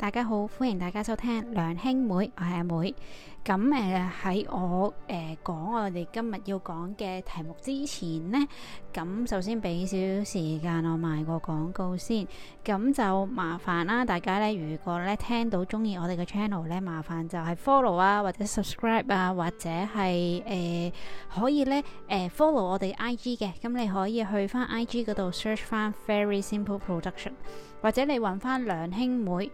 大家好，歡迎大家收聽《兩兄妹》，我係阿妹。咁誒喺我誒講我哋今日要講嘅題目之前呢，咁首先俾少少時間我賣個廣告先。咁就麻煩啦，大家呢，如果呢聽到中意我哋嘅 channel 呢，麻煩就係 follow 啊，或者 subscribe 啊，或者係誒、呃、可以呢誒、呃、follow 我哋 I G 嘅。咁你可以去翻 I G 嗰度 search 翻 Very Simple Production，或者你揾翻兩兄妹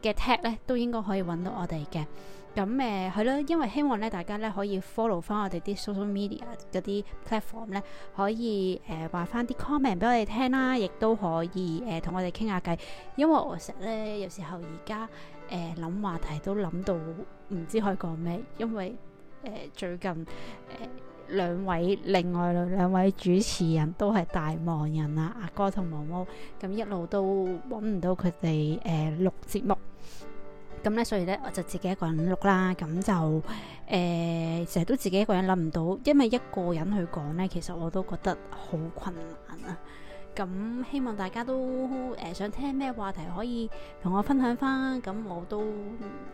嘅 tag 呢，都應該可以揾到我哋嘅。咁誒係咯，因為希望咧大家咧可以 follow 翻我哋啲 social media 嗰啲 platform 咧，可以誒話翻啲 comment 俾我哋聽啦，亦都可以誒同、呃、我哋傾下偈。因為我成日咧有時候而家誒諗話題都諗到唔知可以講咩，因為誒、呃、最近誒、呃、兩位另外兩位主持人都係大忙人啦，阿哥同毛毛，咁一路都揾唔到佢哋誒錄節目。咁咧，所以咧，我就自己一個人錄啦。咁就誒，成日都自己一個人諗唔到，因為一個人去講咧，其實我都覺得好困難啊。咁希望大家都誒想聽咩話題，可以同我分享返。咁我都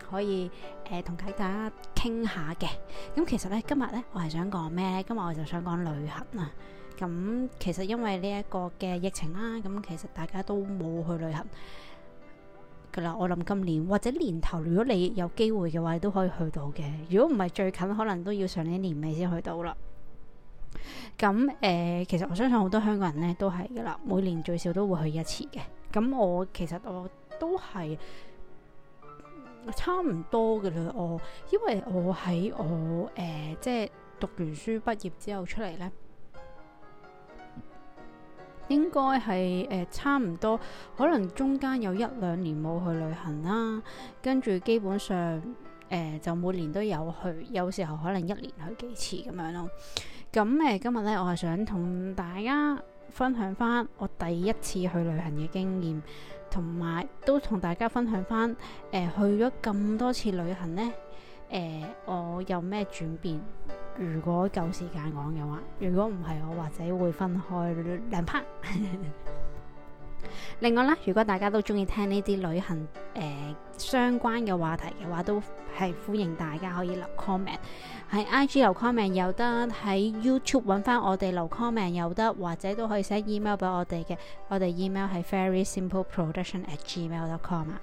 可以誒同大家傾下嘅。咁其實咧，今日咧，我係想講咩咧？今日我就想講旅行啊。咁其實因為呢一個嘅疫情啦，咁其實大家都冇去旅行。我諗今年或者年頭，如果你有機會嘅話，你都可以去到嘅。如果唔係最近，可能都要上年年尾先去到啦。咁誒、呃，其實我相信好多香港人呢都係噶啦，每年最少都會去一次嘅。咁我其實我都係差唔多嘅啦。我因為我喺我誒，即、呃、係、即係、讀完書畢業之後出嚟呢。應該係誒、呃、差唔多，可能中間有一兩年冇去旅行啦，跟住基本上誒、呃、就每年都有去，有時候可能一年去幾次咁樣咯。咁誒、呃、今日咧，我係想同大家分享翻我第一次去旅行嘅經驗，同埋都同大家分享翻誒、呃、去咗咁多次旅行呢。誒、呃、我有咩轉變？如果夠時間講嘅話，如果唔係，我或者會分開兩 part。另外啦，如果大家都中意聽呢啲旅行誒相關嘅話題嘅話，都係歡迎大家可以留 comment。喺 IG 留 comment 有得，喺 YouTube 揾翻我哋留 comment 有得，或者都可以寫 email 俾我哋嘅。我哋 email 係 very simple production at gmail dot com 啊。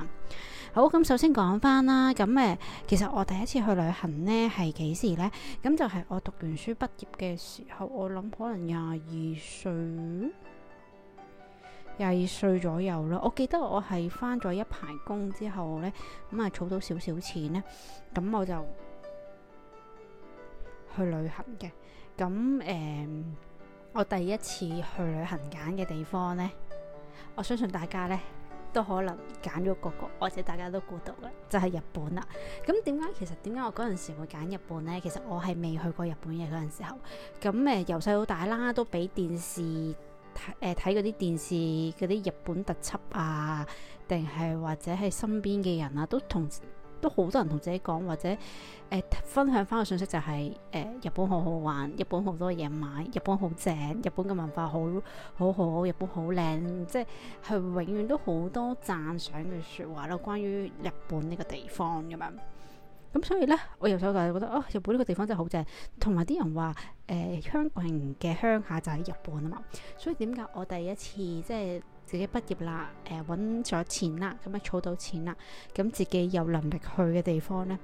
好，咁首先講翻啦，咁誒，其實我第一次去旅行呢係幾時呢？咁就係我讀完書畢業嘅時候，我諗可能廿二歲，廿二歲左右啦。我記得我係翻咗一排工之後呢，咁啊儲到少少錢呢。咁我就去旅行嘅。咁誒、嗯，我第一次去旅行揀嘅地方呢，我相信大家呢。都可能揀咗個個，或者大家都估到嘅，就係日本啦。咁點解，其實點解我嗰陣時會揀日本呢？其實我係未去過日本嘅嗰陣時候，咁誒由細到大啦，都俾電視誒睇嗰啲電視嗰啲日本特輯啊，定係或者係身邊嘅人啊，都同。都好多人同自己講或者誒，呃、分享翻個信息，就是，就係誒日本好好玩，日本好多嘢買，日本好正，日本嘅文化好好好，日本好靚，即係係永遠都好多讚賞嘅説話啦。關於日本呢個地方咁樣，咁所以呢，我由手細就覺得啊，哦，日本呢個地方真係好正，同埋啲人話誒，呃、香港嘅鄉下就喺日本啊嘛，所以點解我第一次即係？自己畢業啦，誒搵咗錢啦，咁啊儲到錢啦，咁自己有能力去嘅地方呢，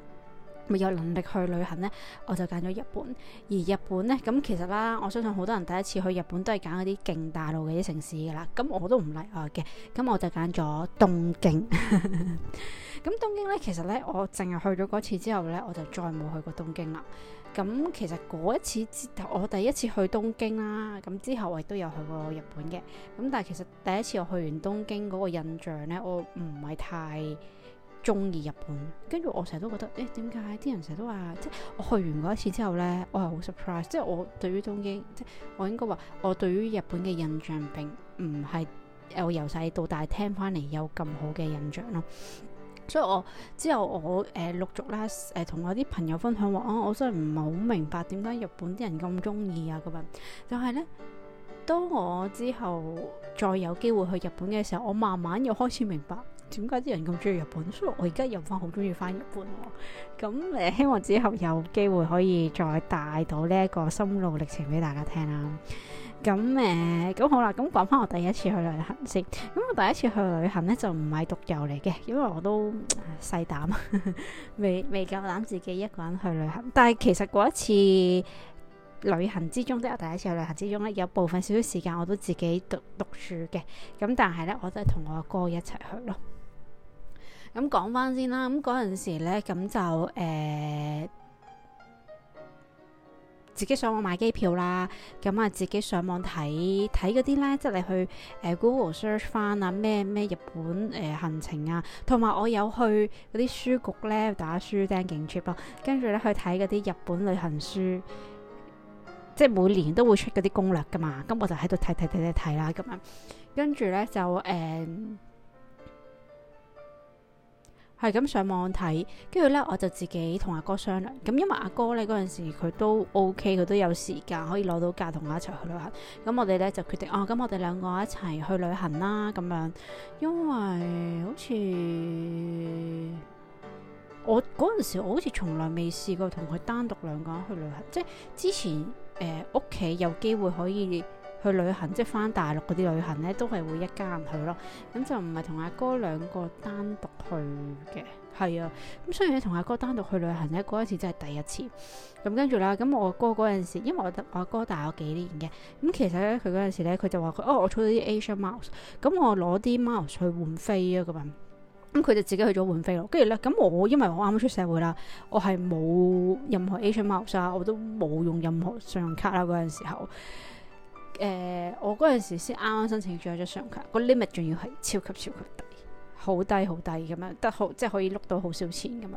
咪有能力去旅行呢，我就揀咗日本。而日本呢，咁其實啦，我相信好多人第一次去日本都係揀嗰啲勁大路嘅城市噶啦，咁我都唔例外嘅，咁我就揀咗東京。 咁東京咧，其實咧，我淨係去咗嗰次之後咧，我就再冇去過東京啦。咁、嗯、其實嗰一次之，我第一次去東京啦。咁、嗯、之後我亦都有去過日本嘅。咁、嗯、但係其實第一次我去完東京嗰個印象咧，我唔係太中意日本。跟住我成日都覺得誒點解啲人成日都話即係我去完嗰一次之後咧，我係好 surprise。即係我對於東京即係我應該話我對於日本嘅印象並唔係我由細到大聽翻嚟有咁好嘅印象咯。所以我之後我誒、呃、陸續咧誒同我啲朋友分享話，啊，我真係唔係好明白點解日本啲人咁中意啊咁樣。就係、是、咧，當我之後再有機會去日本嘅時候，我慢慢又開始明白點解啲人咁中意日本。所以我而家又返好中意返日本喎、啊。咁、啊、誒、嗯，希望之後有機會可以再帶到呢一個心路歷程俾大家聽啦、啊。咁誒，咁、嗯嗯嗯嗯、好啦，咁、嗯、講翻我第一次去旅行先。咁、嗯、我第一次去旅行咧，就唔係獨遊嚟嘅，因為我都細膽，呵呵未未夠膽自己一個人去旅行。但係其實嗰一次旅行之中，即係我第一次去旅行之中咧，有部分少少時間我都自己讀讀書嘅。咁、嗯、但係咧，我都係同我阿哥、哥一齊去咯。咁、嗯、講翻先啦。咁嗰陣時咧，咁就誒。呃自己上網買機票啦，咁啊自己上網睇睇嗰啲呢，即係你去誒 Google search 翻啊咩咩日本誒、呃、行程啊，同埋我有去嗰啲書局呢，打書釘勁 cheap 咯，跟住呢，去睇嗰啲日本旅行書，即係每年都會出嗰啲攻略噶嘛，咁我就喺度睇睇睇睇睇啦咁樣，跟住呢，就誒。呃係咁上網睇，跟住咧我就自己同阿哥商量。咁因為阿哥咧嗰陣時佢都 OK，佢都有時間可以攞到假同我一齊去旅行。咁我哋咧就決定哦，咁我哋兩個一齊去旅行啦。咁樣因為好似我嗰陣時，我好似從來未試過同佢單獨兩個人去旅行。即係之前誒，屋企有機會可以。去旅行即係返大陸嗰啲旅行咧，都係會一家人去咯。咁就唔係同阿哥兩個單獨去嘅，係啊。咁所以咧，同阿哥單獨去旅行咧，嗰一次真係第一次。咁跟住啦，咁我阿哥嗰陣時，因為我我阿哥大我幾年嘅，咁其實咧佢嗰陣時咧，佢就話，哦，我儲咗啲 Asian Miles，咁我攞啲 Miles 去換飛啊咁。咁佢就自己去咗換飛咯。跟住咧，咁我因為我啱啱出社會啦，我係冇任何 Asian Miles 啊，我都冇用任何信用卡啦。嗰陣時候。誒，我嗰陣時先啱啱申請咗一張信用卡，個 limit 仲要係超級超級低，好低好低咁樣，得好即係可以碌到好少錢咁樣。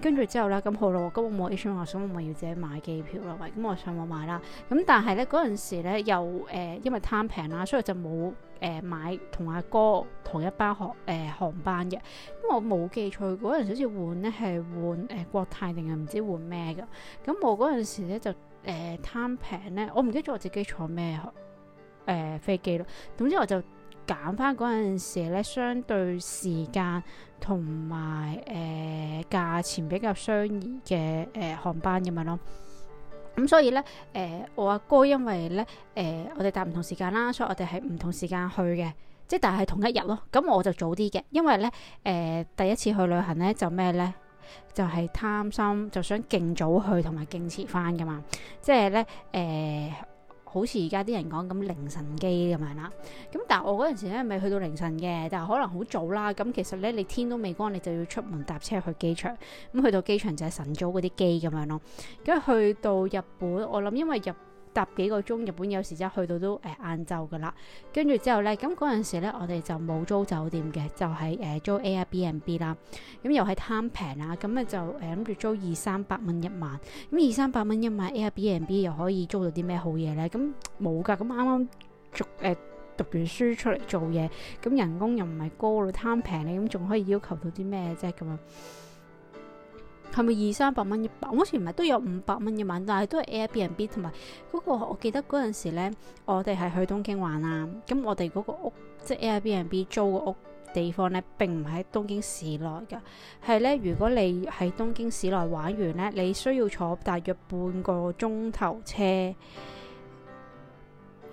跟住之後咧，咁好咯，咁我冇 exchange，我要自己買機票咯，喂。咁我上網買啦。咁但係咧嗰陣時咧，又誒，因為貪平啦，所以就冇誒買同阿哥同一班航誒航班嘅。咁我冇記錯，嗰陣時好似換咧係換誒國泰定係唔知換咩嘅。咁我嗰陣時咧就。誒，貪平咧，我唔記得咗我自己坐咩誒、呃、飛機咯。總之我就揀翻嗰陣時咧，相對時間同埋誒價錢比較相宜嘅誒、呃、航班咁樣咯。咁、嗯、所以咧，誒、呃、我阿哥因為咧，誒、呃、我哋搭唔同時間啦，所以我哋係唔同時間去嘅，即係但係係同一日咯。咁我就早啲嘅，因為咧，誒、呃、第一次去旅行咧就咩咧？就係貪心，就想勁早去同埋勁遲翻噶嘛，即係咧誒，好似而家啲人講咁凌晨機咁樣啦。咁但係我嗰陣時咧，未去到凌晨嘅，但係可能好早啦。咁其實咧，你天都未光，你就要出門搭車去機場。咁去到機場就係晨早嗰啲機咁樣咯。咁去到日本，我諗因為日本十幾個鐘，日本有時真係去到都誒晏晝噶啦。跟、呃、住之後呢，咁嗰陣時咧，我哋就冇租酒店嘅，就係、是、誒、呃、租 Airbnb 啦。咁、嗯、又係貪平啦，咁、嗯、咧就誒諗住租二三百蚊一晚。咁、嗯、二三百蚊一晚 Airbnb 又可以租到啲咩好嘢呢？咁冇㗎。咁啱啱讀完書出嚟做嘢，咁、嗯、人工又唔係高咯，貪平咧，咁、嗯、仲可以要求到啲咩啫？咁、嗯、啊。係咪二三百蚊一晚？好似唔係都有五百蚊一晚，但係都係 Airbnb 同埋嗰、嗰個。我記得嗰陣時呢，我哋係去東京玩啊。咁我哋嗰個屋，即、就、係、是、Airbnb 租嘅屋的地方呢，並唔喺東京市內㗎。係呢，如果你喺東京市內玩完呢，你需要坐大約半個鐘頭車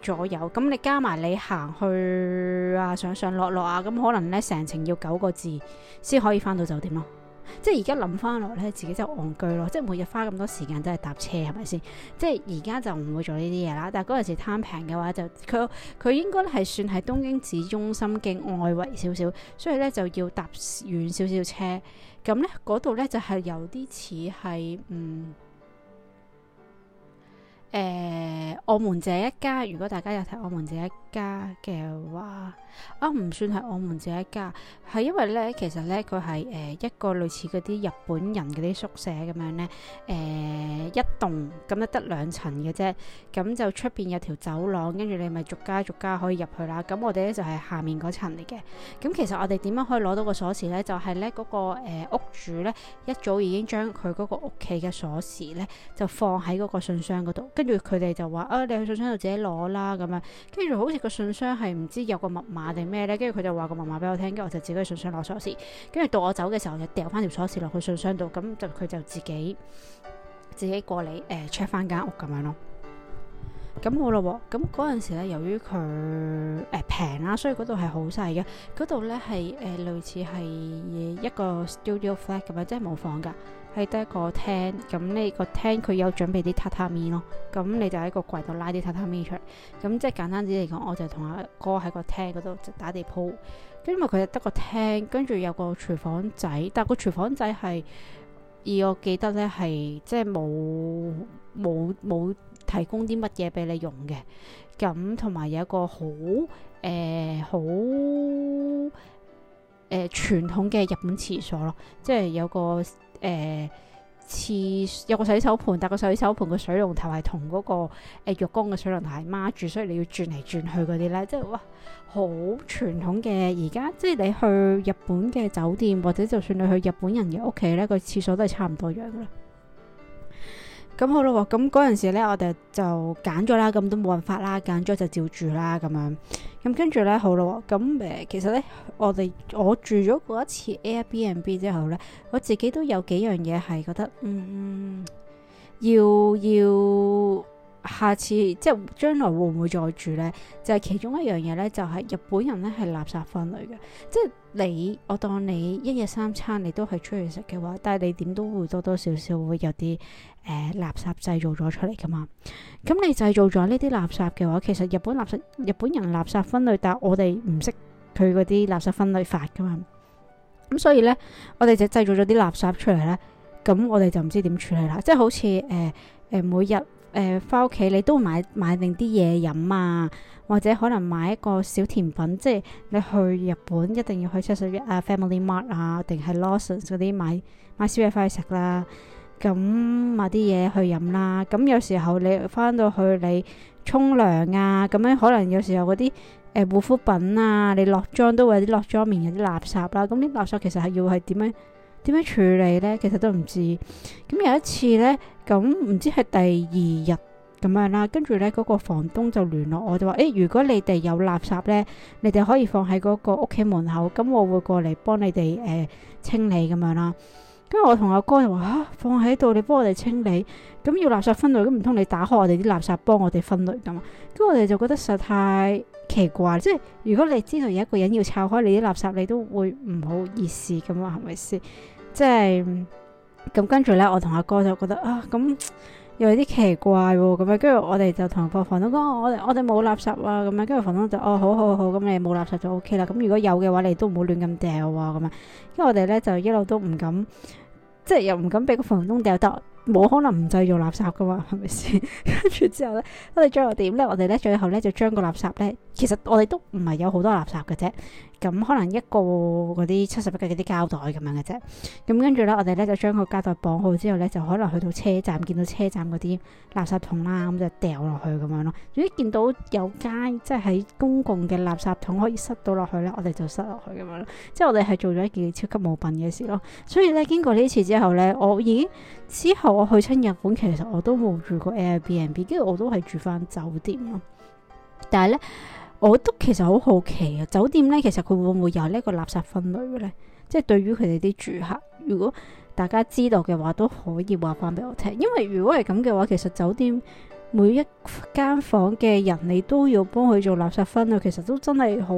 左右。咁你加埋你行去啊，上上落落啊，咁可能呢，成程要九個字先可以返到酒店咯。即係而家諗翻落咧，自己就戇居咯！即係每日花咁多時間都係搭車，係咪先？即係而家就唔會做呢啲嘢啦。但係嗰陣時貪平嘅話，就佢佢應該咧係算喺東京市中心嘅外圍少少，所以咧就要搭遠少少車。咁咧嗰度咧就係、是、有啲似係嗯誒、呃，我們這一家。如果大家有睇我們這一家嘅話。啊，唔、哦、算係我們自己家，係因為咧，其實咧佢係誒一個類似嗰啲日本人嗰啲宿舍咁、呃、樣咧，誒一棟咁樣得兩層嘅啫，咁就出邊有條走廊，跟住你咪逐家逐家可以入去啦。咁我哋咧就係、是、下面嗰層嚟嘅。咁其實我哋點樣可以攞到個鎖匙咧？就係咧嗰個誒、呃、屋主咧一早已經將佢嗰個屋企嘅鎖匙咧就放喺嗰個信箱嗰度，跟住佢哋就話，啊，你去信箱度自己攞啦咁樣，跟住好似個信箱係唔知有個密碼。定咩咧？跟住佢就話個密碼俾我聽，跟住我就自己去信箱攞鎖匙，跟住到我走嘅時候就掉翻條鎖匙落去信箱度，咁就佢就自己自己過嚟誒 check 翻間屋咁樣咯。咁好咯，咁嗰陣時咧，由於佢誒平啦，所以嗰度係好細嘅，嗰度咧係誒類似係一個 studio flat 咁樣，即係冇房噶。係得一個廳，咁呢個廳佢有準備啲榻榻米咯。咁你就喺個櫃度拉啲榻榻米出嚟。咁即係簡單啲嚟講，我就同阿哥喺個廳嗰度打地鋪。因為佢就得個廳，跟住有個廚房仔，但個廚房仔係以我記得咧係即係冇冇冇提供啲乜嘢俾你用嘅。咁同埋有一個好誒好誒傳統嘅日本廁所咯，即係有個。誒廁、呃、有個洗手盆，但個洗手盆個水龍頭係同嗰個誒浴缸嘅水龍頭係孖住，所以你要轉嚟轉去嗰啲咧，即係哇好傳統嘅。而家即係你去日本嘅酒店，或者就算你去日本人嘅屋企咧，個廁所都係差唔多樣啦。咁、嗯、好咯，咁嗰陣時咧，我哋就揀咗啦，咁都冇辦法啦，揀咗就照住啦，咁樣咁跟住咧，好咯，咁、嗯、誒，其實咧，我哋我住咗嗰一次 Airbnb 之後咧，我自己都有幾樣嘢係覺得，嗯、嗯，要要下次即係將來會唔會再住咧？就係、是、其中一樣嘢咧，就係、是、日本人咧係垃圾分類嘅，即係你我當你一日三餐你都係出去食嘅話，但係你點都會多多少少會有啲。誒、呃，垃圾製造咗出嚟噶嘛？咁你製造咗呢啲垃圾嘅話，其實日本垃圾日本人垃圾分類，但係我哋唔識佢嗰啲垃圾分類法噶嘛？咁所以呢，我哋就製造咗啲垃圾出嚟呢。咁我哋就唔知點處理啦。即係好似誒誒，每日誒翻屋企，呃、你都買買定啲嘢飲啊，或者可能買一個小甜品，即係你去日本一定要去七十一啊，Family Mart 啊，定係 Lawson 嗰啲買買宵夜翻去食啦。咁、嗯、買啲嘢去飲啦，咁、嗯、有時候你翻到去你沖涼啊，咁、嗯、樣可能有時候嗰啲誒護膚品啊，你落妝都會有啲落妝面有啲垃圾啦，咁、嗯、啲垃圾其實係要係點樣點樣處理呢？其實都唔知。咁、嗯、有一次呢，咁、嗯、唔知係第二日咁樣啦，跟住呢，嗰、那個房東就聯絡我，就話：誒、欸，如果你哋有垃圾呢，你哋可以放喺嗰個屋企門口，咁我會過嚟幫你哋誒、呃、清理咁樣啦。咁我同阿哥，哥就話啊，放喺度，你幫我哋清理咁、啊、要垃圾分類，咁唔通你打開我哋啲垃圾幫我哋分類噶嘛？咁我哋就覺得實在太奇怪，即係如果你知道有一個人要撬開你啲垃圾，你都會唔好意思咁啊？係咪先？即係咁跟住咧，我同阿哥，哥就覺得啊，咁、嗯嗯、又有啲奇怪喎、啊，咁樣跟住我哋就同個房東講、啊，我我哋冇垃圾啊，咁樣跟住房東就、啊、哦好，好好好，咁你冇垃圾就 OK 啦。咁、啊、如果有嘅話，你都唔好亂咁掉啊，咁啊。咁我哋咧就一路都唔敢。即係又唔敢俾個房東掉得，冇可能唔製造垃圾噶嘛，係咪先？跟住之後咧，我哋最後點咧，我哋咧最後咧就將個垃圾咧。其實我哋都唔係有好多垃圾嘅啫，咁可能一個嗰啲七十一嘅啲膠袋咁樣嘅啫，咁跟住咧，我哋咧就將個膠袋綁好之後咧，就可能去到車站見到車站嗰啲垃圾桶啦、啊，咁就掉落去咁樣咯。如果見到有街即係喺公共嘅垃圾桶可以塞到落去咧，我哋就塞落去咁樣咯。即係我哋係做咗一件超級冇品嘅事咯。所以咧，經過呢次之後咧，我已經之後我去親日本，其實我都冇住過 Airbnb，跟住我都係住翻酒店咯。但係咧。我都其實好好奇啊、哦，酒店呢，其實佢會唔會有呢一個垃圾分類嘅呢？即係對於佢哋啲住客，如果大家知道嘅話，都可以話翻俾我聽。因為如果係咁嘅話，其實酒店每一間房嘅人，你都要幫佢做垃圾分類，其實都真係好。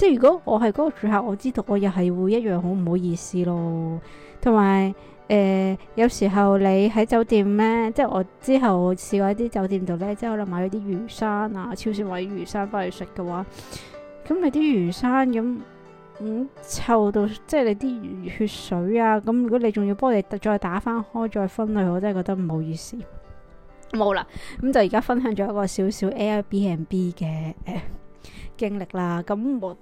即係如果我係嗰個住客，我知道我又係會一樣好唔好意思咯。同埋誒，有時候你喺酒店咧，即係我之後試過喺啲酒店度咧，即係可能買咗啲魚生啊，超市買啲魚生翻去食嘅話，咁你啲魚生咁咁臭到，即係你啲血水啊，咁如果你仲要幫你再打翻開再分類，我真係覺得唔好意思。冇啦，咁就而家分享咗一個少少 Airbnb 嘅誒、呃、經歷啦。咁我。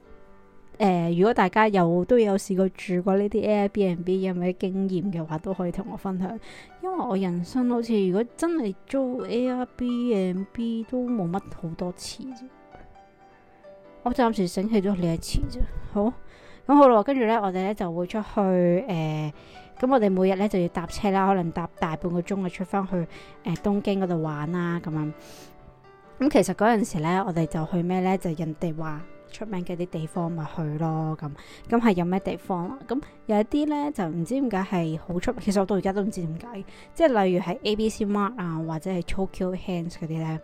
誒、呃，如果大家有都有試過住過呢啲 Airbnb 有咩啲經驗嘅話，都可以同我分享。因為我人生好似如果真係租 Airbnb 都冇乜好多次啫，我暫時醒起咗一次啫。好，咁好咯，跟住呢，我哋呢就會出去誒，咁、呃、我哋每日呢就要搭車啦，可能搭大半個鐘啊出翻去誒、呃、東京嗰度玩啦。咁樣。咁、嗯、其實嗰陣時咧，我哋就去咩呢？就人哋話。出名嘅啲地方咪去咯，咁咁係有咩地方啊？咁有一啲呢，就唔知點解係好出名，其實我到而家都唔知點解。即係例如係 ABC Mart 啊，或者係 Tokyo Hands 嗰啲呢。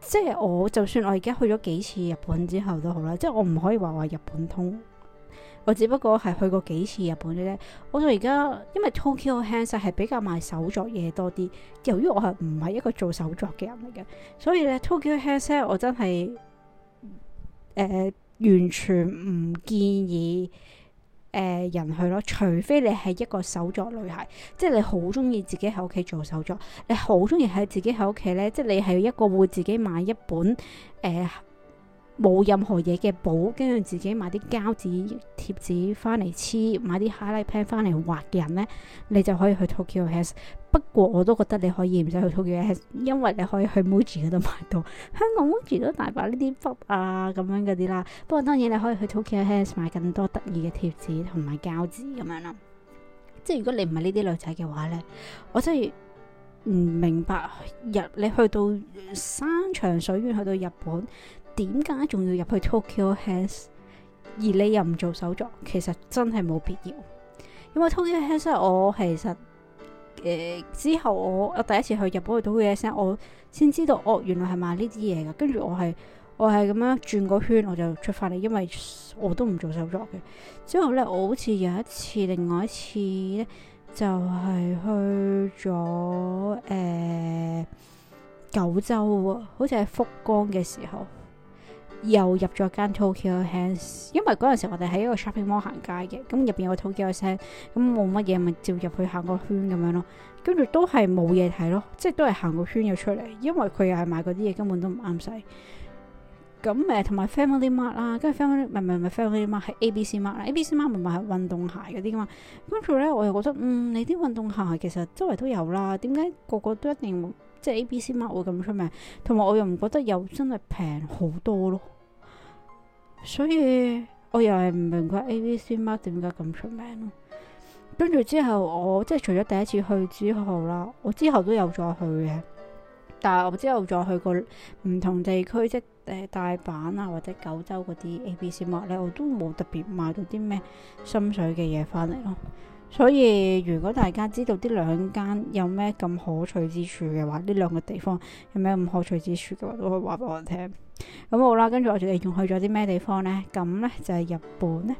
即係我就算我而家去咗幾次日本之後都好啦，即係我唔可以話話日本通，我只不過係去過幾次日本嘅啫。我到而家，因為 Tokyo Hands 係、啊、比較賣手作嘢多啲，由於我係唔係一個做手作嘅人嚟嘅，所以呢 Tokyo Hands、啊、我真係。誒、呃、完全唔建議誒、呃、人去咯，除非你係一個手作女孩，即係你好中意自己喺屋企做手作，你好中意喺自己喺屋企咧，即係你係一個會自己買一本誒冇、呃、任何嘢嘅簿，跟住自己買啲膠紙、貼紙翻嚟黐，買啲 highlight pen 翻嚟畫嘅人咧，你就可以去 Tokyo、OK、has 不過我都覺得你可以唔使去 Tokyo Hands，因為你可以去 Muji 嗰度買到。香港 Muji 都大把呢啲 book 啊，咁樣嗰啲啦。不過當然你可以去 Tokyo Hands 買更多得意嘅貼紙同埋膠紙咁樣啦。即係如果你唔係呢啲女仔嘅話咧，我真係唔明白入你去到山長水遠去到日本，點解仲要入去 Tokyo Hands？而你又唔做手作，其實真係冇必要。因為 Tokyo Hands 我其實～誒、呃，之後我我第一次去日本去到嘅時候我先知道哦，原來係賣呢啲嘢噶跟住我係我係咁樣轉個圈，我就出翻嚟，因為我都唔做手作嘅。之後咧，我好似有一次，另外一次咧，就係、是、去咗誒、呃、九州啊，好似喺福岡嘅時候。又入咗間 Tokyo Hands，因為嗰陣時我哋喺一個 shopping mall 行街嘅，咁入邊有 Tokyo Hands，咁冇乜嘢咪照入去行個圈咁樣咯，跟住都係冇嘢睇咯，即係都係行個圈又出嚟，因為佢又係買嗰啲嘢根本都唔啱使。咁誒同埋 Family Mart 啦，跟住 Family 唔係唔係 Family Mart 係 A B C Mart 啦，A B C Mart 咪賣運動鞋嗰啲嘛，跟住咧我又覺得嗯你啲運動鞋其實周圍都有啦，點解個個都一定即係 A B C Mart 會咁出名？同埋我又唔覺得有真係平好多咯。所以我又係唔明佢 ABC Mark 點解咁出名咯？跟住之後我即係除咗第一次去之後啦，我之後都有再去嘅，但係我之後再去過唔同地區，即係大阪啊或者九州嗰啲 ABC Mark 咧，我都冇特別買到啲咩心水嘅嘢翻嚟咯。所以如果大家知道呢兩間有咩咁可取之處嘅話，呢兩個地方有咩咁可取之處嘅話，都可以話俾我聽。咁好啦，跟住我哋仲去咗啲咩地方呢？咁呢就係日本呢。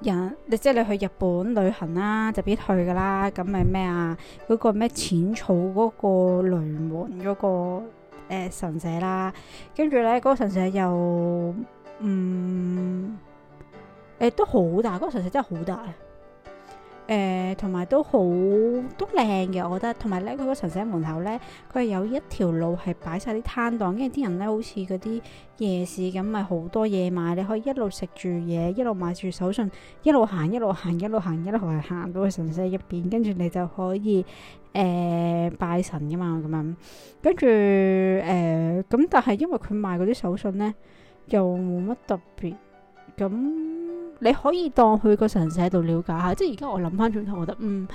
人，你即係你去日本旅行啦，就必去㗎啦。咁咪咩啊？嗰個咩淺草嗰個雷門嗰個、欸、神社啦，跟住呢，嗰個神社又嗯、欸、都好大，嗰個神社真係好大。誒同埋都好都靚嘅，我覺得。同埋咧，佢個神社門口咧，佢係有一條路係擺晒啲攤檔，跟住啲人咧好似嗰啲夜市咁，咪好多嘢買。你可以一路食住嘢，一路買住手信，一路行，一路行，一路行，一路行，行到去神社入邊，跟住你就可以誒、呃、拜神噶嘛咁樣。跟住誒咁，但係因為佢賣嗰啲手信咧，又冇乜特別咁。你可以當去個神社度了解下，即係而家我諗翻轉頭，我覺得嗯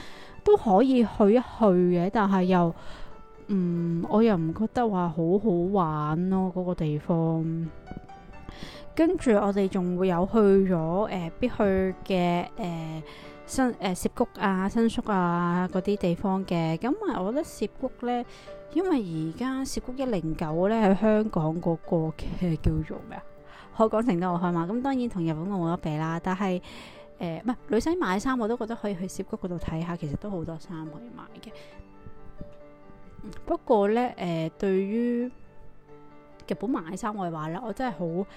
都可以去一去嘅，但係又嗯，我又唔覺得話好好玩咯，哦、嗰、那個地方。跟住我哋仲會有去咗誒、呃、必去嘅誒、呃、新誒、呃、涉谷啊、新宿啊嗰啲地方嘅，咁啊，我覺得涉谷咧，因為而家涉谷一零九咧喺香港嗰、那個嘅叫做咩啊？好講程度好開嘛？咁、嗯、當然同日本我冇得比啦。但係誒，唔、呃、係女仔買衫我都覺得可以去涉谷嗰度睇下，其實都好多衫可以買嘅。不過咧誒、呃，對於日本買衫我嘅話咧，我真係好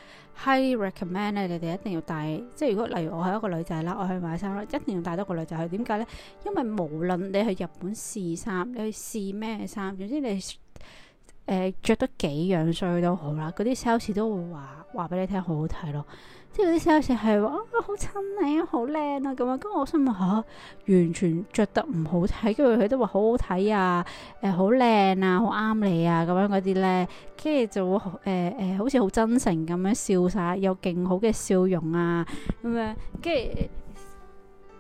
highly recommend 咧，你哋一定要帶。即係如果例如我係一個女仔啦，我去買衫啦，一定要帶多個女仔去。點解咧？因為無論你去日本試衫，你去試咩衫，總之你。誒著得幾樣衰都好啦，嗰啲 sales 都會話話俾你聽好好睇咯，即係嗰啲 sales 係話啊好襯你啊好靚啊咁樣，咁我心諗嚇完全着得唔好睇，跟住佢都話好好睇啊，誒好靚啊，好啱你啊咁樣嗰啲咧，跟住就會誒誒好似好真誠咁樣笑晒，有勁好嘅笑容啊咁樣，跟住。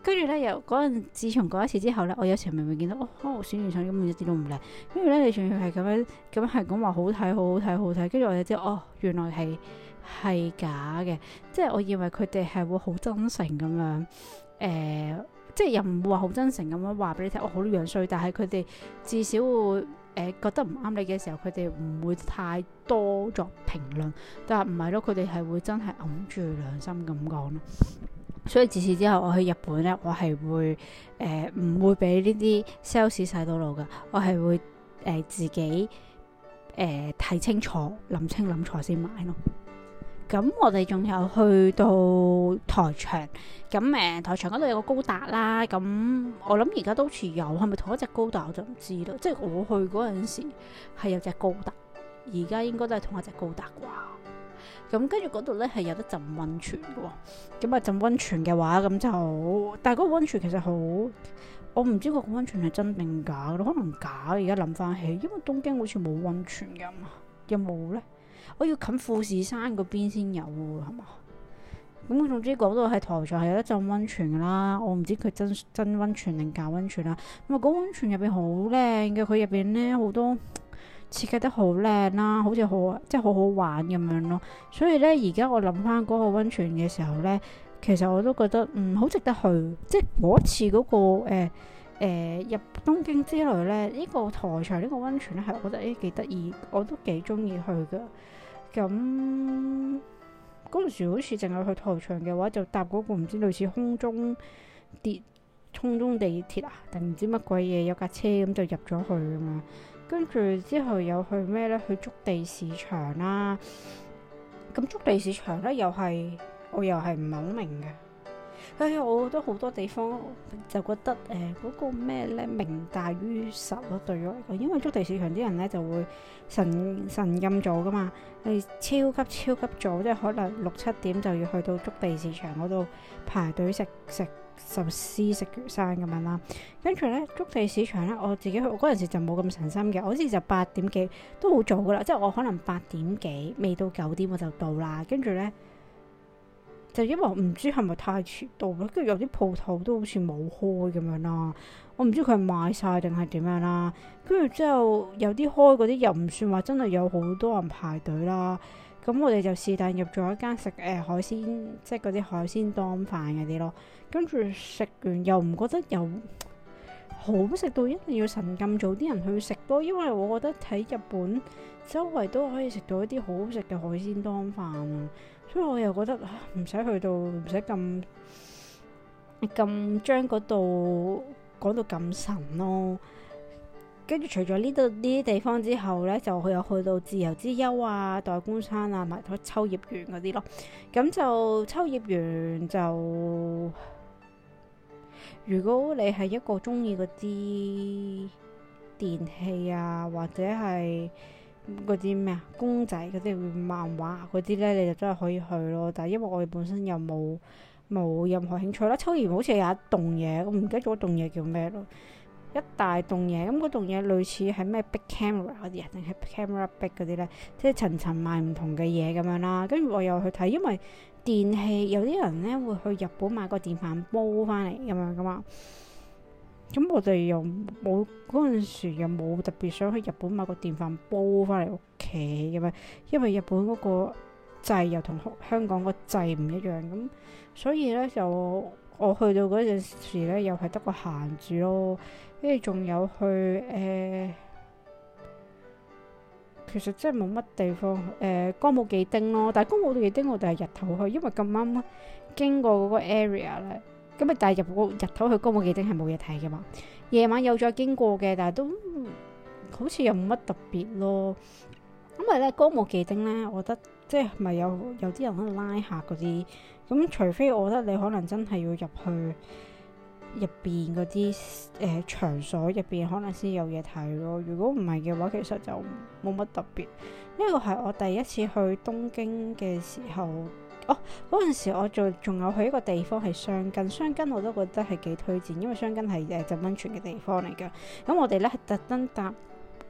跟住咧，又嗰陣自從嗰一次之後咧，我有時明明見到哦，哦，選完相咁樣一啲都唔靚。跟住咧，你仲要係咁樣咁樣係咁話好睇，好好睇，好睇。跟住我就知道哦，原來係係假嘅。即係我以為佢哋係會好真誠咁樣，誒、呃，即係又唔會話好真誠咁、哦、樣話俾你聽。我好樣衰，但係佢哋至少會誒、呃、覺得唔啱你嘅時候，佢哋唔會太多作評論。但係唔係咯？佢哋係會真係揞住良心咁講咯。所以自此之後，我去日本咧，我係會誒唔、呃、會俾呢啲 sales 洗到腦噶，我係會誒、呃、自己誒睇、呃、清楚、諗清諗楚先買咯。咁我哋仲有去到台場，咁誒、呃、台場嗰度有個高達啦。咁我諗而家都似有，係咪同一隻高達我就唔知啦。即、就、係、是、我去嗰陣時係有隻高達，而家應該都係同一隻高達啩。咁跟住嗰度咧係有得浸温泉嘅喎，咁啊浸温泉嘅話咁就好，但係嗰個温泉其實好，我唔知個温泉係真定假咯，可能假。而家諗翻起，因為東京好似冇温泉嘅嘛，有冇咧？我要近富士山嗰邊先有啊，係嘛？咁、嗯、總之嗰度喺台場係有得浸温泉嘅啦，我唔知佢真真温泉定假温泉啦。咁、嗯、啊，嗰個温泉入邊好靚嘅，佢入邊咧好多。設計得好靚啦，好似好即係好好玩咁樣咯。所以呢，而家我諗翻嗰個温泉嘅時候呢，其實我都覺得嗯好值得去。即係嗰一次嗰、嗰個誒、呃呃、入東京之類呢，呢、呢個台場呢、呢個温泉咧係我覺得誒幾得意，我都幾中意去嘅。咁嗰陣時好似淨係去台場嘅話，就搭嗰個唔知類似空中地空中地鐵啊，定唔知乜鬼嘢有架車咁就入咗去啊嘛。跟住之後又去咩呢？去築地市場啦、啊。咁築地市場呢，又係我又係唔係好明嘅。跟、哎、住我都好多地方就覺得誒嗰、呃那個咩呢？名大於實咯，對我嚟講。因為築地市場啲人呢，就會晨晨咁早噶嘛，係超級超級早，即係可能六七點就要去到築地市場嗰度排隊食食壽司食魚生咁樣啦，跟住呢，築地市場呢，我自己去嗰陣時就冇咁神心嘅，我好似就八點幾都好早噶啦，即係我可能八點幾未到九點我就到啦，跟住呢，就因為我唔知係咪太遲到啦，跟住有啲鋪頭都好似冇開咁樣啦，我唔知佢係賣晒定係點樣啦，跟住之後有啲開嗰啲又唔算話真係有好多人排隊啦。咁我哋就是但入咗一間食誒海鮮，即係嗰啲海鮮丼飯嗰啲咯。跟住食完又唔覺得有好食到一定要神咁早啲人去食多，因為我覺得喺日本周圍都可以食到一啲好好食嘅海鮮丼飯啊。所以我又覺得唔使、呃、去到，唔使咁咁將嗰度講到咁神咯。跟住除咗呢度呢啲地方之後呢，就佢有去到自由之丘啊、代官山啊，埋嗰秋葉園嗰啲咯。咁就秋葉園就，如果你係一個中意嗰啲電器啊，或者係嗰啲咩啊公仔嗰啲漫畫嗰啲呢，你就真係可以去咯。但係因為我哋本身又冇冇任何興趣啦。秋葉園好似有一棟嘢，我唔記得咗棟嘢叫咩咯。一大棟嘢，咁嗰棟嘢類似係咩？Big camera 嗰啲人，定係 camera big 嗰啲咧？即係層層賣唔同嘅嘢咁樣啦。跟住我又去睇，因為電器有啲人咧會去日本買個電飯煲翻嚟咁樣噶嘛。咁、嗯、我哋又冇嗰陣時又冇特別想去日本買個電飯煲翻嚟屋企咁啊，因為日本嗰個掣又同香港個掣唔一樣，咁、嗯、所以咧就。我去到嗰陣時咧，又係得個閒住咯，跟住仲有去誒、呃，其實真係冇乜地方誒，歌舞伎町咯，但係歌舞伎町我哋係日頭去，因為咁啱啊經過嗰個 area 咧，咁啊但係入日頭去歌舞伎町係冇嘢睇嘅嘛，夜晚有再經過嘅，但係都好似又冇乜特別咯，咁為咧歌舞伎町咧，我覺得即係咪有有啲人喺度拉下嗰啲。咁除非我覺得你可能真係要入去入邊嗰啲誒場所入邊，可能先有嘢睇咯。如果唔係嘅話，其實就冇乜特別。呢個係我第一次去東京嘅時候，哦，嗰陣時我仲仲有去一個地方係箱根，箱根我都覺得係幾推薦，因為箱根係誒浸温泉嘅地方嚟㗎。咁我哋咧係特登搭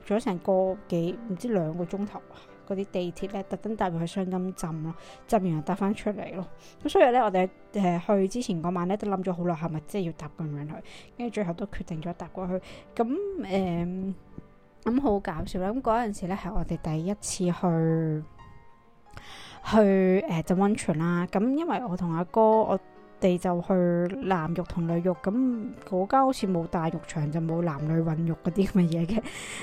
咗成個幾唔知兩個鐘頭。嗰啲地鐵咧，特登搭佢去雙金浸咯，浸完又搭翻出嚟咯。咁所以咧，我哋誒、呃、去之前嗰晚咧都諗咗好耐，係咪即係要搭咁樣去？跟住最後都決定咗搭過去。咁、嗯、誒，咁好搞笑啦！咁嗰陣時咧，係我哋第一次去去誒、呃、浸温泉啦。咁、嗯、因為我同阿哥我。我哋就去男浴同女浴，咁嗰間好似冇大浴場，就冇男女混浴嗰啲咁嘅嘢嘅，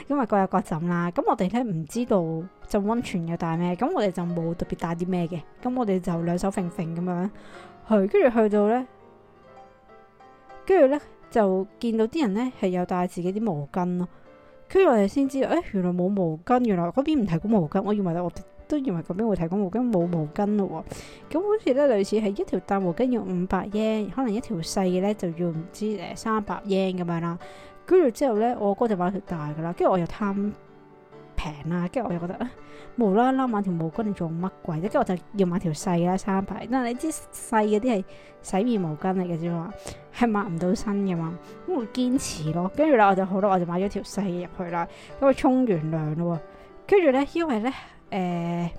因為各有各浸啦。咁我哋咧唔知道浸溫泉要帶咩，咁我哋就冇特別帶啲咩嘅。咁我哋就兩手揈揈咁樣去，跟住去到咧，跟住咧就見到啲人咧係有帶自己啲毛巾咯。跟住我哋先知，誒，原來冇毛巾，原來嗰邊唔提供毛巾。我以為我。都以為嗰邊會提供毛巾，冇毛巾咯、喔。咁好似咧，類似係一條大毛巾要五百 yen 可能一條細嘅咧就要唔知誒三百 yen 咁樣啦。跟住之後咧，我哥就買條大噶啦。跟住我又貪平啦，跟住我又覺得無啦啦買條毛巾做乜鬼啫、啊？跟住我就要買條細啦，三百。但係你知細嘅啲係洗面毛巾嚟嘅啫嘛，係買唔到新噶嘛。咁我堅持咯，跟住咧我就好多我就買咗條細嘅入去啦。咁我沖完涼咯，跟住咧，因為咧。誒、呃，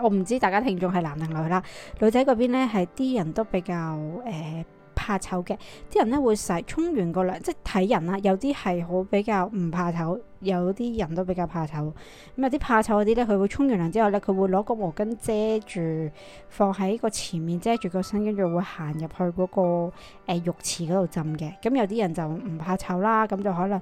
我唔知大家聽眾係男定女啦。女仔嗰邊咧係啲人都比較誒、呃、怕醜嘅，啲人咧會洗冲完個涼，即係睇人啦。有啲係好比較唔怕醜，有啲人都比較怕醜。咁有啲怕醜嗰啲咧，佢會沖完涼之後咧，佢會攞個毛巾遮住，放喺個前面遮住個身，跟住會行入去嗰個誒浴池嗰度浸嘅。咁有啲人就唔怕醜啦，咁就可能。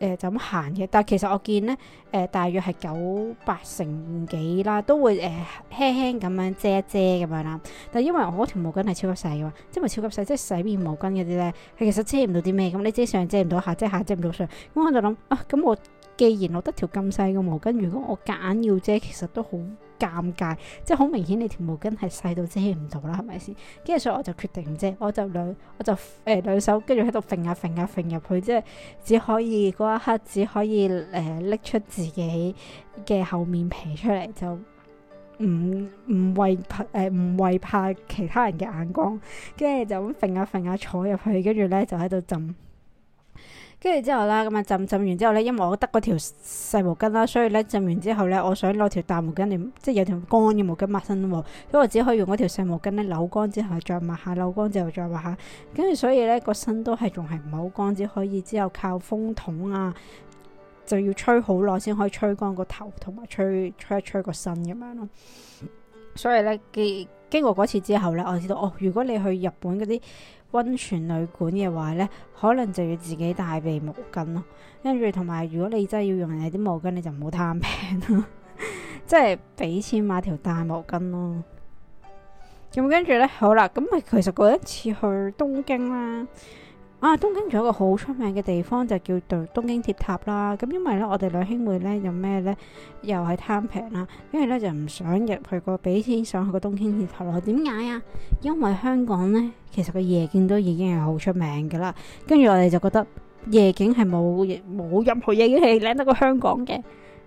誒、呃、就咁行嘅，但係其實我見咧誒、呃、大約係九八成幾啦，都會誒輕輕咁樣遮一遮咁樣啦。但係因為我嗰條毛巾係超級細嘅喎，即係咪超級細，即係洗面毛巾嗰啲咧，佢其實遮唔到啲咩。咁你遮上遮唔到下，遮下遮唔到上。咁我就諗啊，咁我既然攞得條咁細嘅毛巾，如果我夾硬要遮，其實都好尷尬，即係好明顯，你條毛巾係細到遮唔到啦，係咪先？跟住所以我就決定唔遮，我就兩我就誒兩、呃、手跟住喺度揈下揈下揈入去，即係只可以嗰一刻只可以誒拎、呃、出自己嘅後面皮出嚟，就唔唔畏怕唔、呃、畏怕其他人嘅眼光，跟住就咁揈下揈下坐入去，跟住咧就喺度浸。跟住之後咧，咁啊浸浸完之後咧，因為我得嗰條細毛巾啦，所以咧浸完之後咧，我想攞條大毛巾嚟，即係有條乾嘅毛巾抹身喎，所以我只可以用嗰條細毛巾咧扭乾之後，再抹下，扭乾之後再抹下，跟住所以咧個身都係仲係唔好乾，只可以之後靠風筒啊，就要吹好耐先可以吹乾個頭，同埋吹吹，吹一吹個身咁樣咯。所以咧，經經過嗰次之後咧，我知道哦，如果你去日本嗰啲溫泉旅館嘅話呢，可能就要自己帶備毛巾咯，跟住同埋如果你真係要用人哋啲毛巾，你就唔好貪平咯，即係俾錢買條大毛巾咯。咁跟住呢，好啦，咁咪其實嗰一次去東京啦。啊，東京仲有一個好出名嘅地方就叫做東京鐵塔啦。咁因為咧，我哋兩兄妹咧，有咩咧，又係貪平啦。因為咧，呢為就唔想入去個畀錢上去個東京鐵塔咯。點解啊？因為香港咧，其實個夜景都已經係好出名嘅啦。跟住我哋就覺得夜景係冇冇任何嘢係靚得過香港嘅。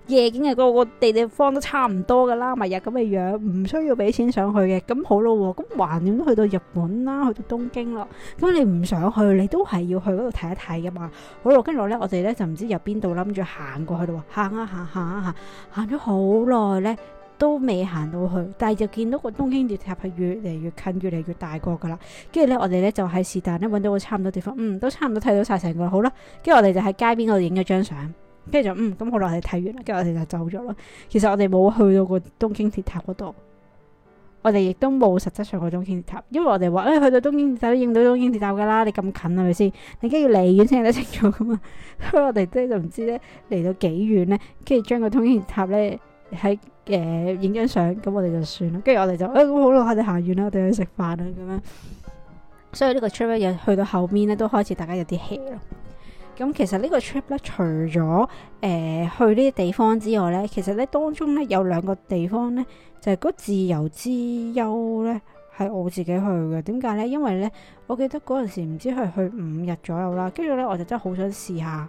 夜景嘅個個地地方都差唔多噶啦，咪日咁嘅樣，唔需要俾錢上去嘅，咁好咯喎。咁橫掂都去到日本啦，去到東京咯。咁你唔想去，你都係要去嗰度睇一睇噶嘛。好咯，跟住咧，我哋咧就唔知入邊度，諗住行過去咯。行啊行、啊啊啊，行啊行，行咗好耐咧，都未行到去。但係就見到個東京鐵塔係越嚟越近，越嚟越大個噶啦。跟住咧，我哋咧就喺是但咧揾到個差唔多地方，嗯，都差唔多睇到晒成個。好啦，跟住我哋就喺街邊嗰度影咗張相。跟住就嗯，咁好耐你睇完啦，跟住我哋就走咗咯。其實我哋冇去到個東京鐵塔嗰度，我哋亦都冇實質上個東京鐵塔，因為我哋話咧，去到東京塔，首先影到東京鐵塔噶啦，你咁近啊，係咪先？你跟住離遠先睇得清楚噶嘛。所 以我哋即係就唔知咧，嚟到幾遠咧，跟住將個東京塔咧喺誒影張相，咁我哋就算啦。跟住我哋就誒咁好耐我哋行完啦，我哋去食飯啊咁樣。所以呢個出 r 又去到後面咧，都開始大家有啲 h 咯。咁其實個呢個 trip 咧，除咗誒、呃、去呢啲地方之外咧，其實咧當中咧有兩個地方咧，就係、是、嗰自由之丘咧，係我自己去嘅。點解咧？因為咧，我記得嗰陣時唔知係去五日左右啦。跟住咧，我就真係好想試下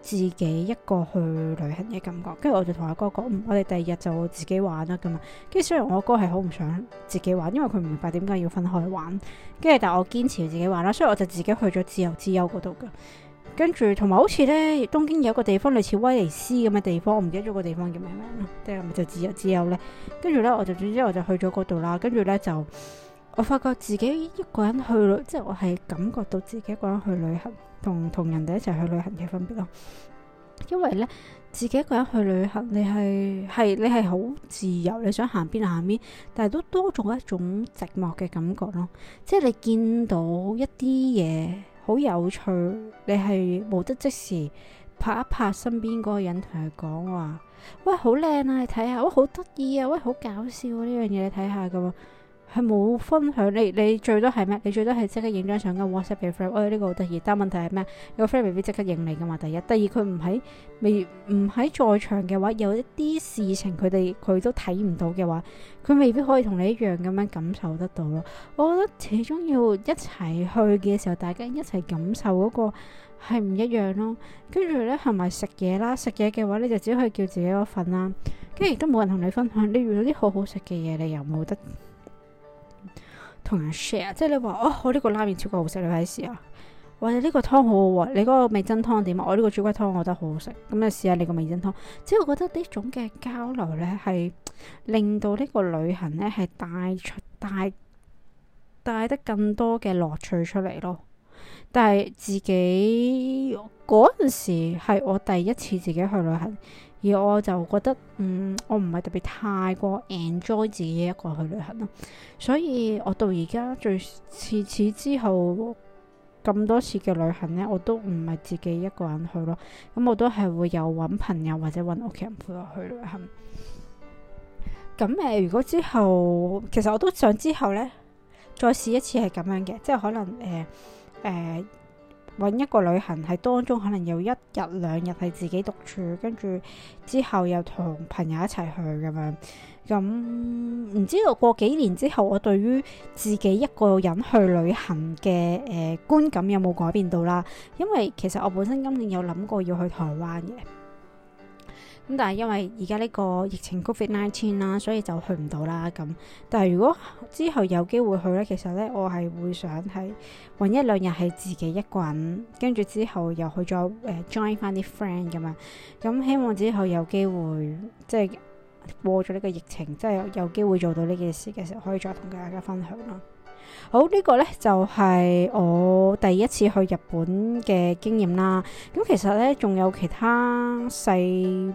自己一個去旅行嘅感覺。跟住我就同阿哥講、嗯：，我哋第二日就自己玩啦，咁嘛。跟住雖然我哥係好唔想自己玩，因為佢唔明白點解要分開玩。跟住，但係我堅持自己玩啦，所以我就自己去咗自由之丘嗰度㗎。跟住，同埋好似咧，東京有個地方類似威尼斯咁嘅地方，我唔記得咗個地方叫咩名咯。即係咪就自由之友咧？跟住咧，我就總之我就去咗嗰度啦。跟住咧就，我發覺自己一個人去旅，即係我係感覺到自己一個人去旅行，同同人哋一齊去旅行嘅分別咯。因為咧，自己一個人去旅行，你係係你係好自由，你想行邊行邊，但係都多咗一種寂寞嘅感覺咯。即係你見到一啲嘢。好有趣，你係冇得即時拍一拍身邊嗰個人，同佢講話，喂，好靚啊，你睇下，哇，好得意啊，喂，好搞笑啊，呢樣嘢你睇下㗎喎。係冇分享你，你最多係咩？你最多係即刻影張相，跟 WhatsApp 俾 friend。哎，呢、呢個好得意。但問題係咩？這個 friend 未必即刻應你㗎嘛。第一，第二，佢唔喺未唔喺在，在場嘅話，有一啲事情佢哋佢都睇唔到嘅話，佢未必可以同你一樣咁樣感受得到咯。我覺得始終要一齊去嘅時候，大家一齊感受嗰個係唔一樣咯。跟住咧，係咪食嘢啦？食嘢嘅話你就只可以叫自己嗰份啦。跟住都冇人同你分享。你遇到啲好好食嘅嘢，你又冇得。同人 share，即係你話哦，我呢個拉麵超級好食，你快啲試啊。或者你呢個湯好好喎，你嗰個味噌湯點啊？我呢個豬骨湯我覺得好好食，咁你試下你個味噌湯。即係我覺得呢種嘅交流呢係令到呢個旅行呢係帶出帶帶得更多嘅樂趣出嚟咯。但係自己嗰陣時係我第一次自己去旅行。而我就覺得，嗯，我唔係特別太過 enjoy 自己一個去旅行咯，所以我到而家最次次之後咁多次嘅旅行呢，我都唔係自己一個人去咯，咁我都係會有揾朋友或者揾屋企人陪我去旅行。咁誒、呃，如果之後其實我都想之後呢，再試一次係咁樣嘅，即係可能誒、呃呃揾一個旅行係當中，可能有一日兩日係自己獨處，跟住之後又同朋友一齊去咁樣。咁、嗯、唔知道過幾年之後，我對於自己一個人去旅行嘅誒、呃、觀感有冇改變到啦？因為其實我本身今年有諗過要去台灣嘅。咁但係因為而家呢個疫情 Covid nineteen 啦，所以就去唔到啦咁。但係如果之後有機會去呢，其實呢我係會想係搵一兩日係自己一個人，跟住之後又去咗誒 join 翻啲 friend 咁啊。咁、呃、希望之後有機會，即係過咗呢個疫情，即係有有機會做到呢件事嘅時候，可以再同大家分享咯。好，呢個呢就係、是、我第一次去日本嘅經驗啦，咁其實呢，仲有其他細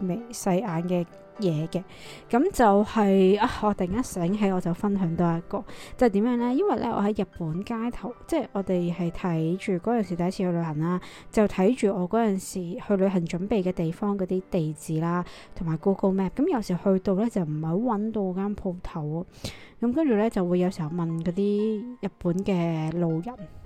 眉細眼嘅。嘢嘅，咁、嗯、就係、是、啊！我突然間醒起，我就分享多一個，就點、是、樣呢？因為咧，我喺日本街頭，即係我哋係睇住嗰陣時第一次去旅行啦，就睇住我嗰陣時去旅行準備嘅地方嗰啲地址啦，同埋 Google Map。咁有時去到呢，就唔係好揾到間鋪頭，咁跟住呢，就會有時候問嗰啲日本嘅路人。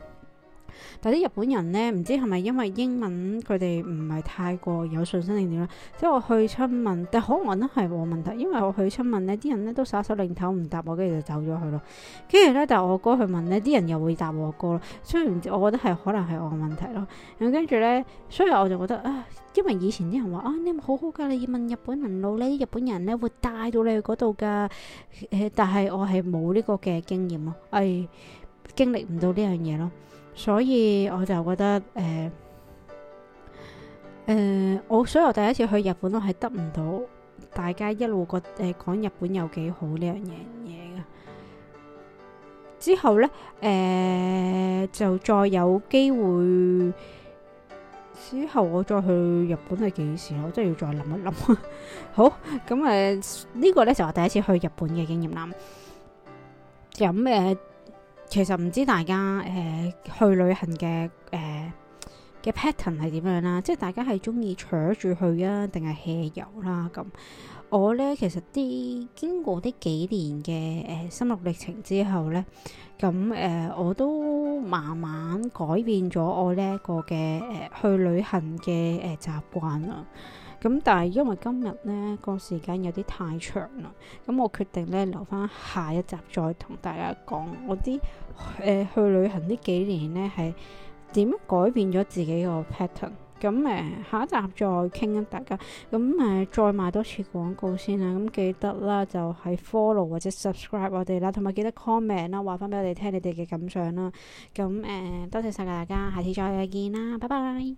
但啲日本人咧，唔知係咪因為英文佢哋唔係太過有信心定點咧？即係我去親問，但可能都係我問題，因為我去親問呢啲人咧都耍手擰頭唔答我，跟住就走咗去咯。跟住咧，但係我哥去問呢啲人又會答我哥咯。雖然我覺得係可能係我問題咯，咁跟住咧，所以我就覺得啊，因為以前啲人話啊，你好好噶你問日本人路咧，啲日本人咧會帶到你去嗰度噶。但係我係冇呢個嘅經驗咯，係、哎、經歷唔到呢樣嘢咯。所以我就覺得誒誒，我、呃呃、所以我第一次去日本，我係得唔到大家一路覺誒講日本有幾好呢樣嘢嘢嘅。之後呢，誒、呃、就再有機會。之後我再去日本係幾時？我真係要再諗一諗。 好，咁誒呢個呢，就話、係、我第一次去日本嘅經驗啦。有咩？呃其實唔知大家誒、呃、去旅行嘅誒嘅 pattern 係點樣啦，即係大家係鍾意坐住去啊，定係 hea 遊啦咁。我咧其實啲經過啲幾年嘅誒心路歷程之後咧，咁誒、呃、我都慢慢改變咗我呢個嘅誒、呃、去旅行嘅誒、呃、習慣啦。咁但係因為今日呢個時間有啲太長啦，咁我決定呢留翻下，下一集再同大家講我啲誒、呃、去旅行呢幾年呢係點改變咗自己個 pattern。咁誒下一集再傾啊大家。咁誒、呃、再賣多次廣告先啦。咁記得啦，就係 follow 或者 subscribe 我哋啦，同埋記得 comment 啦，話翻俾我哋聽你哋嘅感想啦。咁誒、呃、多謝晒大家，下次再見啦，拜拜。